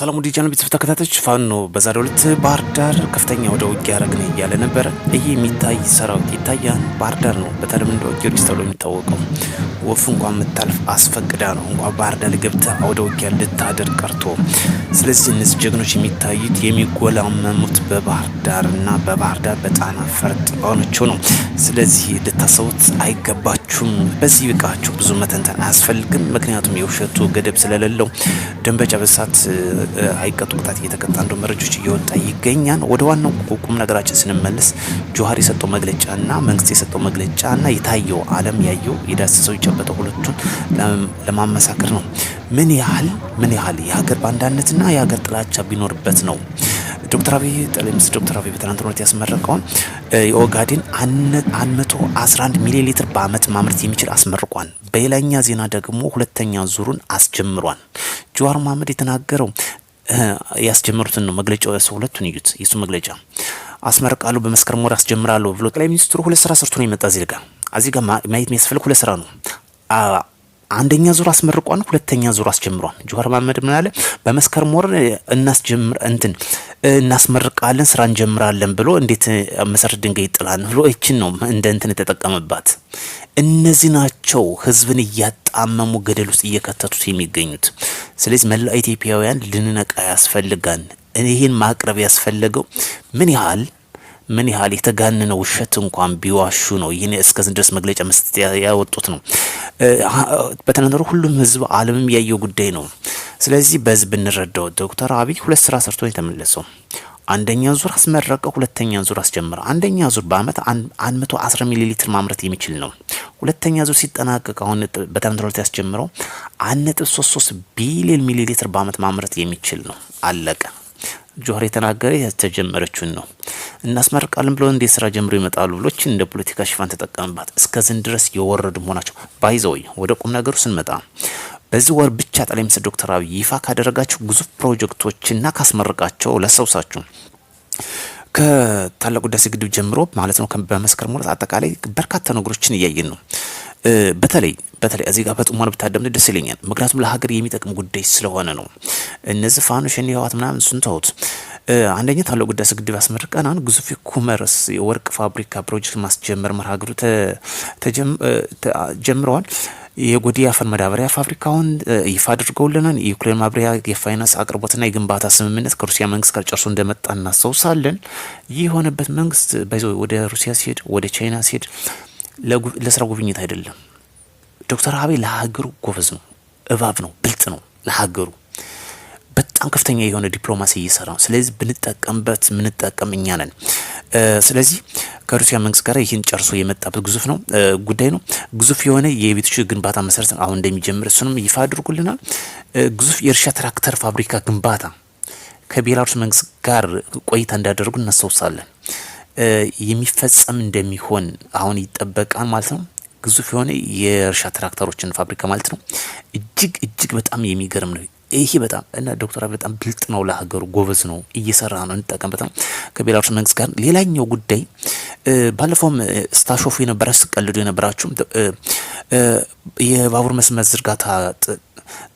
ሰላም ወዲ ቻናል ቤተሰብ ተከታታዮች፣ ፋኖ በዛሬው ዕለት ባህር ዳር ከፍተኛ ወደ ውጊያ ያረግን እያለ ነበረ። ይህ የሚታይ ሰራዊት ይታያን ባህር ዳር ነው። በተለምዶ ጊዮርጊስ ተብሎ የሚታወቀው ወፍ እንኳን የምታልፍ አስፈቅዳ ነው እንኳን ባህር ዳር ገብታ ወደ ውጊያ ልታደር ቀርቶ። ስለዚህ እነዚህ ጀግኖች የሚታዩት የሚጎላመሙት በባህር ዳርና በባህር ዳር በጣና ፈርጥ በሆነችው ነው። ስለዚህ ልታሰቡት አይገባ ሁላችሁም በዚህ ይብቃችሁ። ብዙ መተንተን አያስፈልግም። ምክንያቱም የውሸቱ ገደብ ስለሌለው ደንበጫ በሳት አይቀጡ ቅጣት እየተቀጣ እንደ መረጆች እየወጣ ይገኛል። ወደ ዋናው ቁም ነገራችን ስንመለስ ጆሀር የሰጠው መግለጫ መግለጫና መንግስት የሰጠው መግለጫ መግለጫና የታየው አለም ያየው የዳሰሰው የጨበጠው ሁለቱን ለማመሳከር ነው። ምን ያህል ምን ያህል የሀገር ባንዳነትና የሀገር ጥላቻ ቢኖርበት ነው ዶክተር አብይ ጠቅላይ ሚኒስትር ዶክተር አብይ በትናንትናው ዕለት ያስመረቀውን የኦጋዴን 111 ሚሊ ሊትር በአመት ማምረት የሚችል አስመርቋል። በሌላኛ ዜና ደግሞ ሁለተኛ ዙሩን አስጀምሯል። ጀዋር መሀመድ የተናገረው ያስጀመሩትን ነው መግለጫው። ያሰው ሁለቱን እዩት። የሱ መግለጫ አስመርቃለሁ፣ በመስከረም ወር አስጀምራለሁ ብሎ ጠቅላይ ሚኒስትሩ ሁለት ስራ ሰርቶ ነው የመጣ ዜጋ። እዚህ ጋር ማየት የሚያስፈልግ ሁለት ስራ ነው አንደኛ ዙር አስመርቋን፣ ሁለተኛ ዙር አስጀምሯን። ጁዋር መሀመድ ምን አለ? በመስከረም ወር እናስጀምር እንትን እናስመርቃለን ስራ እንጀምራለን ብሎ እንዴት መሰረት ድንጋይ ይጥላል ብሎ ይችን ነው እንደ እንትን የተጠቀመባት። እነዚህ ናቸው ህዝብን እያጣመሙ ገደል ውስጥ እየከተቱት የሚገኙት። ስለዚህ መላ ኢትዮጵያውያን ልንነቃ ያስፈልጋን። ይህን ማቅረብ ያስፈለገው ምን ያህል ምን ያህል የተጋነነ ውሸት እንኳን ቢዋሹ ነው ይህን እስከዚህ ድረስ መግለጫ መስጠት ያወጡት ነው። በተናነሩ ሁሉም ህዝብ አለምም ያየው ጉዳይ ነው። ስለዚህ በህዝብ ብንረዳው ዶክተር አብይ ሁለት ስራ ሰርቶ የተመለሰው አንደኛ ዙር አስመረቀ፣ ሁለተኛ ዙር አስጀመረ። አንደኛ ዙር በአመት 110 ሚሊ ሊትር ማምረት የሚችል ነው። ሁለተኛ ዙር ሲጠናቀቅ አሁን በተመትሮት ያስጀምረው 1.33 ቢሊዮን ሚሊ ሊትር በአመት ማምረት የሚችል ነው። አለቀ። ጆሀር የተናገረ የተጀመረችውን ነው። እናስመርቃለን ብለው እንዴት ስራ ጀምሮ ይመጣሉ ብሎች እንደ ፖለቲካ ሽፋን ተጠቀምባት። እስከዝን ድረስ የወረዱ መሆናቸው ባይዘወይ ወደ ቁም ነገሩ ስንመጣ በዚህ ወር ብቻ ጠቅላይ ሚኒስትር ዶክተር አብይ ይፋ ካደረጋቸው ግዙፍ ፕሮጀክቶችና ካስመረቃቸው ለሰውሳችሁ ከታላቁ ህዳሴ ግድብ ጀምሮ ማለት ነው በመስከረም ወራት አጠቃላይ በርካታ ነገሮችን እያየን ነው። በተለይ በተለይ እዚህ ጋር በጥሞና ብታደምጥ ደስ ይለኛል። ምክንያቱም ለሀገር የሚጠቅም ጉዳይ ስለሆነ ነው። እነዚህ ፋኖ ሸኔ፣ ህዋት ምናምን እሱን ተውት። አንደኛ ታለው ህዳሴ ግድብ አስመርቀናል። ግዙፍ ኩመርስ የወርቅ ፋብሪካ ፕሮጀክት ማስጀመር መርሃ ጀምረዋል። ተጀምረዋል። የጎዴ አፈር መዳበሪያ ፋብሪካውን ይፋ አድርገውልናል። የዩክሬን ማብሪያ የፋይናንስ አቅርቦትና የግንባታ ስምምነት ከሩሲያ መንግስት ጋር ጨርሶ እንደመጣ እናስታውሳለን። ይህ የሆነበት መንግስት ወደ ሩሲያ ሲሄድ ወደ ቻይና ሲሄድ ለስራ ጉብኝት አይደለም። ዶክተር አብይ ለሀገሩ ጎበዝ ነው፣ እባብ ነው፣ ብልጥ ነው። ለሀገሩ በጣም ከፍተኛ የሆነ ዲፕሎማሲ እየሰራ ነው። ስለዚህ ብንጠቀምበት ምንጠቀም እኛ ነን። ስለዚህ ከሩሲያ መንግስት ጋር ይህን ጨርሶ የመጣበት ግዙፍ ነው ጉዳይ ነው። ግዙፍ የሆነ የቤቶች ግንባታ መሰረት አሁን እንደሚጀምር እሱንም ይፋ አድርጉልናል። ግዙፍ የእርሻ ትራክተር ፋብሪካ ግንባታ ከቤላሩስ መንግስት ጋር ቆይታ እንዳደረጉ እናስታውሳለን። የሚፈጸም እንደሚሆን አሁን ይጠበቃል ማለት ነው። ግዙፍ የሆነ የእርሻ ትራክተሮችን ፋብሪካ ማለት ነው። እጅግ እጅግ በጣም የሚገርም ነው። ይሄ በጣም እና ዶክተር አብይ በጣም ብልጥ ነው፣ ለሀገሩ ጎበዝ ነው፣ እየሰራ ነው። እንጠቀምበት ከቤላሩስ መንግስት ጋር። ሌላኛው ጉዳይ ባለፈውም ስታሾፉ የነበረ ስቀልዱ የነበራችሁም የባቡር መስመር ዝርጋታ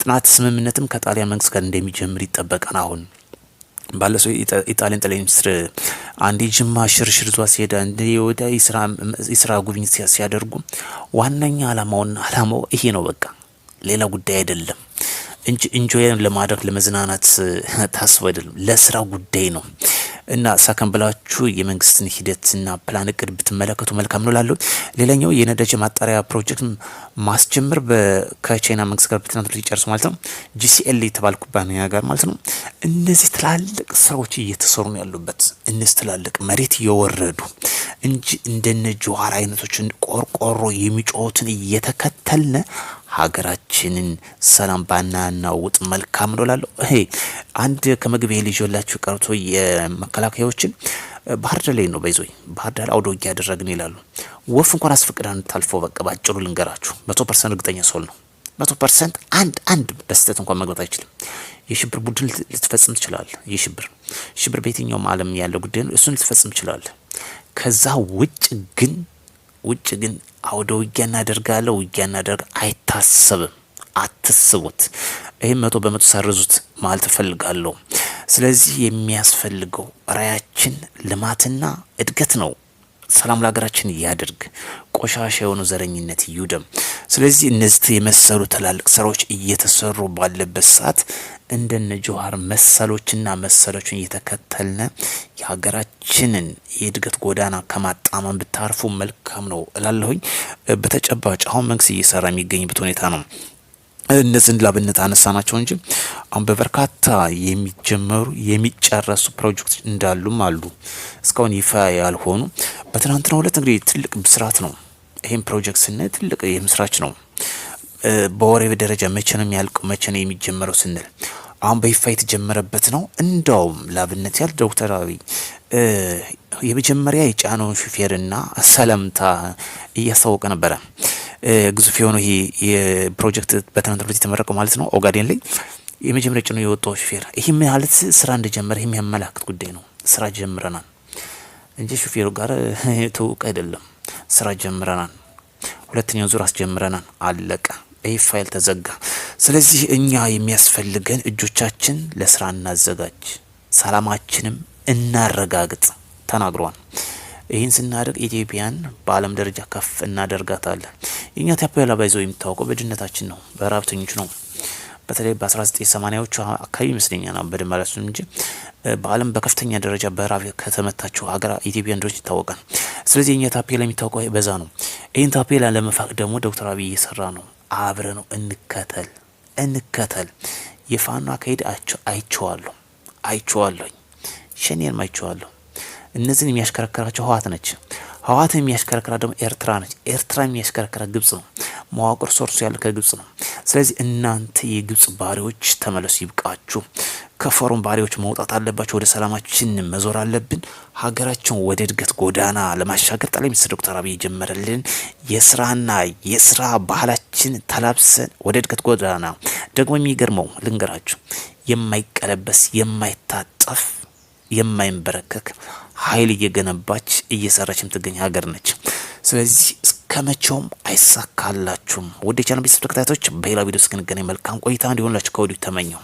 ጥናት ስምምነትም ከጣሊያን መንግስት ጋር እንደሚጀምር ይጠበቃል። አሁን ባለሰው የጣሊያን ጠቅላይ ሚኒስትር አንዴ ጅማ ሽርሽር ዟ ሲሄድ አንዴ ወደ የስራ ጉብኝት ሲያደርጉ ዋነኛ አላማውና አላማው ይሄ ነው። በቃ ሌላ ጉዳይ አይደለም እንጂ እንጆይን ለማድረግ ለመዝናናት ታስቦ አይደለም፣ ለስራ ጉዳይ ነው። እና ሳከን ብላችሁ የመንግስትን ሂደትና ፕላን እቅድ ብትመለከቱ መልካም ነው ላለሁ። ሌላኛው የነዳጅ ማጣሪያ ፕሮጀክት ማስጀምር ከቻይና መንግስት ጋር በትናንት ጨርሶ ማለት ነው ጂሲኤል የተባለ ኩባንያ ጋር ማለት ነው እነዚህ ትላልቅ ስራዎች እየተሰሩ ነው ያሉበት። እነዚህ ትላልቅ መሬት እየወረዱ እንጂ እንደነ ጀዋር አይነቶችን ቆርቆሮ የሚጮሁትን እየተከተልነ ሀገራችንን ሰላም ባናናውጥ መልካም ነው እላለሁ። ይሄ አንድ ከመግቢያ ልጆላችሁ ቀርቶ የመከላከያዎችን ባህር ዳር ላይ ነው በይዞኝ ባህር ዳር አውደ ውጊያ ያደረግን ይላሉ። ወፍ እንኳን አስፈቅዳ እንታልፈው በቃ ባጭሩ ልንገራችሁ፣ መቶ ፐርሰንት እርግጠኛ ሰው ነው። መቶ ፐርሰንት አንድ አንድ በስህተት እንኳን መግባት አይችልም። የሽብር ቡድን ልትፈጽም ትችላል። የሽብር ሽብር በየትኛውም ዓለም ያለው ጉዳይ ነው። እሱን ልትፈጽም ትችላል። ከዛ ውጭ ግን ውጭ ግን አውደ ውጊያ እናደርጋለ ውጊያ እናደርግ አይታሰብም። አትስቡት። ይህም መቶ በመቶ ሰርዙት ማለት እፈልጋለሁ። ስለዚህ የሚያስፈልገው ራያችን ልማትና እድገት ነው። ሰላም ለሀገራችን ያድርግ። ቆሻሻ የሆኑ ዘረኝነት ይውደም። ስለዚህ እነዚህ የመሰሉ ትላልቅ ስራዎች እየተሰሩ ባለበት ሰዓት እንደነ ጆሀር መሰሎችና መሰሎችን እየተከተልነ የሀገራችንን የእድገት ጎዳና ከማጣመም ብታርፉ መልካም ነው እላለሁኝ። በተጨባጭ አሁን መንግስት እየሰራ የሚገኝበት ሁኔታ ነው። እነዚህን ላብነት አነሳ ናቸው እንጂ አሁን በበርካታ የሚጀመሩ የሚጨረሱ ፕሮጀክቶች እንዳሉም አሉ። እስካሁን ይፋ ያልሆኑ በትናንትናው ሁለት እንግዲህ ትልቅ ብስራት ነው። ይህም ፕሮጀክት ስናይ ትልቅ የምስራች ነው። በወሬ ደረጃ መቼ ነው የሚያልቀው፣ መቼ ነው የሚጀመረው ስንል አሁን በይፋ የተጀመረበት ነው። እንደውም ላብነት ያህል ዶክተር አብይ የመጀመሪያ የጫነውን ሹፌርና ሰላምታ እያስታወቀ ነበረ። ግዙፍ የሆነው ይሄ የፕሮጀክት በትናንትናው ዕለት የተመረቀው ማለት ነው ኦጋዴን ላይ የመጀመሪያ ጭኖ የወጣው ሹፌር ይህ ማለት ስራ እንደጀመረ የሚያመላክት ጉዳይ ነው። ስራ ጀምረናል እንጂ ሹፌሩ ጋር ትውቅ አይደለም። ስራ ጀምረናል፣ ሁለተኛው ዙር አስጀምረናል። አለቀ። ይህ ፋይል ተዘጋ። ስለዚህ እኛ የሚያስፈልገን እጆቻችን ለስራ እናዘጋጅ፣ ሰላማችንም እናረጋግጥ ተናግሯል። ይህን ስናደርግ ኢትዮጵያን በዓለም ደረጃ ከፍ እናደርጋታለን። የእኛ ታፓላ ባይዘው የሚታወቀው በድህነታችን ነው፣ በረሀብተኞች ነው። በተለይ በ1980ዎቹ አካባቢ ይመስለኛል ነው ማለት ነው እንጂ በዓለም በከፍተኛ ደረጃ በራብ ከተመታቸው ሀገራ ኢትዮጵያ እንደሆነች ይታወቃል። ስለዚህ የኛ ታፔላ የሚታወቀው በዛ ነው። ይህን ታፔላ ለመፋቅ ደግሞ ዶክተር አብይ እየሰራ ነው። አብረ ነው እንከተል እንከተል። የፋኖ አካሄድ አይቸዋለሁ አይቸዋለሁኝ፣ ሸኔንም አይቸዋለሁ። እነዚህን የሚያሽከረከራቸው ህወሓት ነች። ህወሓትን የሚያሽከረከራ ደግሞ ኤርትራ ነች። ኤርትራ የሚያሽከረከራ ግብጽ ነው። መዋቅር ሶርሱ ያለ ከግብጽ ነው። ስለዚህ እናንተ የግብጽ ባሪዎች ተመለሱ፣ ይብቃችሁ። ከፈሮን ባሪዎች መውጣት አለባቸው። ወደ ሰላማችን መዞር አለብን። ሀገራቸውን ወደ እድገት ጎዳና ለማሻገር ጠቅላይ ሚኒስትር ዶክተር አብይ የጀመረልን የስራና የስራ ባህላችን ተላብሰን ወደ እድገት ጎዳና ደግሞ የሚገርመው ልንገራችሁ የማይቀለበስ የማይታጠፍ የማይንበረከክ ኃይል እየገነባች እየሰራች የምትገኝ ሀገር ነች። ስለዚህ ከመቼውም አይሳካላችሁም። ውድ የቻናል ቤተሰብ ተከታታዮች በሌላ ቪዲዮ እስክንገናኝ መልካም ቆይታ እንዲሆንላችሁ ከወዲሁ ተመኘሁ።